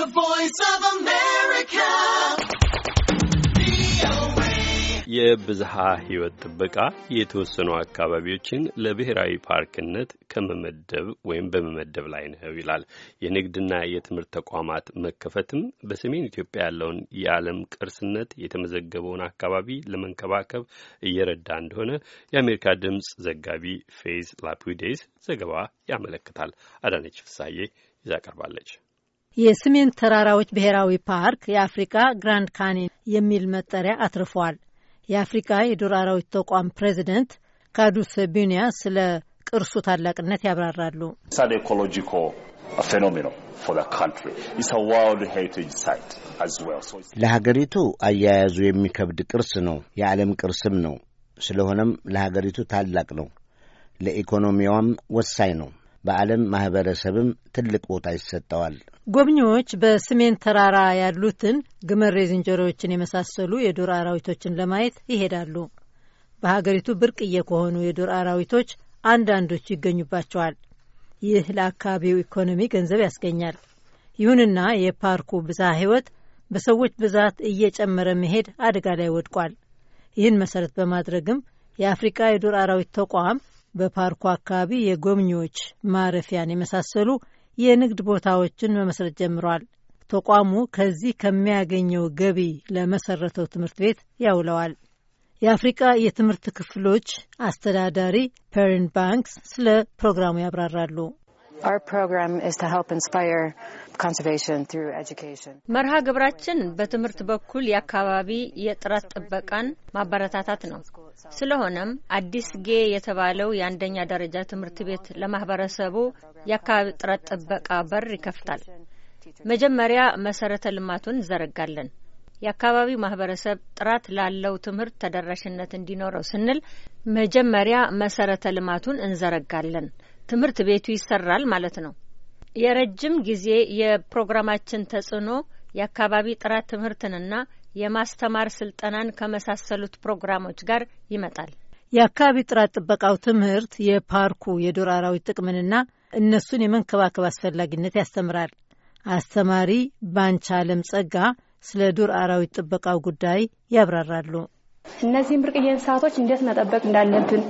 The Voice of America. የብዝሃ ሕይወት ጥበቃ የተወሰኑ አካባቢዎችን ለብሔራዊ ፓርክነት ከመመደብ ወይም በመመደብ ላይ ነው ይላል። የንግድና የትምህርት ተቋማት መከፈትም በሰሜን ኢትዮጵያ ያለውን የዓለም ቅርስነት የተመዘገበውን አካባቢ ለመንከባከብ እየረዳ እንደሆነ የአሜሪካ ድምፅ ዘጋቢ ፌዝ ላፒዴስ ዘገባ ያመለክታል። አዳነች ፍሳዬ ይዛ ቀርባለች። የሰሜን ተራራዎች ብሔራዊ ፓርክ የአፍሪካ ግራንድ ካኔን የሚል መጠሪያ አትርፏል። የአፍሪካ የዱር አራዊት ተቋም ፕሬዚደንት ካዱስ ቢኒያ ስለ ቅርሱ ታላቅነት ያብራራሉ። ለሀገሪቱ አያያዙ የሚከብድ ቅርስ ነው። የዓለም ቅርስም ነው። ስለሆነም ለሀገሪቱ ታላቅ ነው። ለኢኮኖሚዋም ወሳኝ ነው። በዓለም ማህበረሰብም ትልቅ ቦታ ይሰጠዋል። ጎብኚዎች በሰሜን ተራራ ያሉትን ግመሬ ዝንጀሮዎችን የመሳሰሉ የዱር አራዊቶችን ለማየት ይሄዳሉ። በሀገሪቱ ብርቅዬ ከሆኑ የዱር አራዊቶች አንዳንዶቹ ይገኙባቸዋል። ይህ ለአካባቢው ኢኮኖሚ ገንዘብ ያስገኛል። ይሁንና የፓርኩ ብዝሃ ሕይወት በሰዎች ብዛት እየጨመረ መሄድ አደጋ ላይ ወድቋል። ይህን መሰረት በማድረግም የአፍሪቃ የዱር አራዊት ተቋም በፓርኩ አካባቢ የጎብኚዎች ማረፊያን የመሳሰሉ የንግድ ቦታዎችን መመስረት ጀምሯል። ተቋሙ ከዚህ ከሚያገኘው ገቢ ለመሰረተው ትምህርት ቤት ያውለዋል። የአፍሪቃ የትምህርት ክፍሎች አስተዳዳሪ ፐሪን ባንክስ ስለ ፕሮግራሙ ያብራራሉ። መርሃ ግብራችን በትምህርት በኩል የአካባቢ የጥራት ጥበቃን ማበረታታት ነው። ስለሆነም አዲስ ጌ የተባለው የአንደኛ ደረጃ ትምህርት ቤት ለማህበረሰቡ የአካባቢ ጥራት ጥበቃ በር ይከፍታል። መጀመሪያ መሰረተ ልማቱን እንዘረጋለን። የአካባቢው ማህበረሰብ ጥራት ላለው ትምህርት ተደራሽነት እንዲኖረው ስንል መጀመሪያ መሰረተ ልማቱን እንዘረጋለን። ትምህርት ቤቱ ይሰራል ማለት ነው። የረጅም ጊዜ የፕሮግራማችን ተጽዕኖ የአካባቢ ጥራት ትምህርትንና የማስተማር ስልጠናን ከመሳሰሉት ፕሮግራሞች ጋር ይመጣል። የአካባቢ ጥራት ጥበቃው ትምህርት የፓርኩ የዱር አራዊት ጥቅምንና እነሱን የመንከባከብ አስፈላጊነት ያስተምራል። አስተማሪ ባንቻለም ጸጋ ስለ ዱር አራዊት ጥበቃው ጉዳይ ያብራራሉ። እነዚህም ብርቅዬ እንስሳቶች እንዴት መጠበቅ እንዳለብን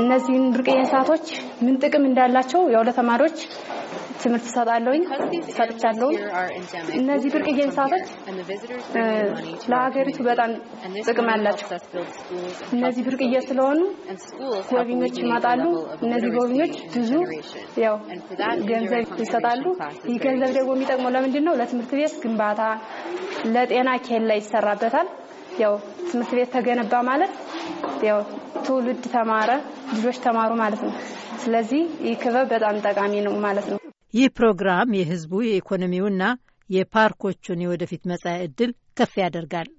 እነዚህን ብርቅዬ እንስሳቶች ምን ጥቅም እንዳላቸው ያው ለተማሪዎች ትምህርት ሰጣለሁኝ ሰጥቻለሁ። እነዚህ ብርቅዬ እንስሳቶች ለሀገሪቱ በጣም ጥቅም አላቸው። እነዚህ ብርቅዬ ስለሆኑ ጎብኞች ይመጣሉ። እነዚህ ጎብኞች ብዙ ያው ገንዘብ ይሰጣሉ። ይህ ገንዘብ ደግሞ የሚጠቅመው ለምንድን ነው? ለትምህርት ቤት ግንባታ፣ ለጤና ኬላ ይሰራበታል። ያው ትምህርት ቤት ተገነባ ማለት ያው ትውልድ ተማረ፣ ልጆች ተማሩ ማለት ነው። ስለዚህ ይህ ክበብ በጣም ጠቃሚ ነው ማለት ነው። ይህ ፕሮግራም የህዝቡ የኢኮኖሚውና የፓርኮቹን የወደፊት መጻኢ ዕድል ከፍ ያደርጋል።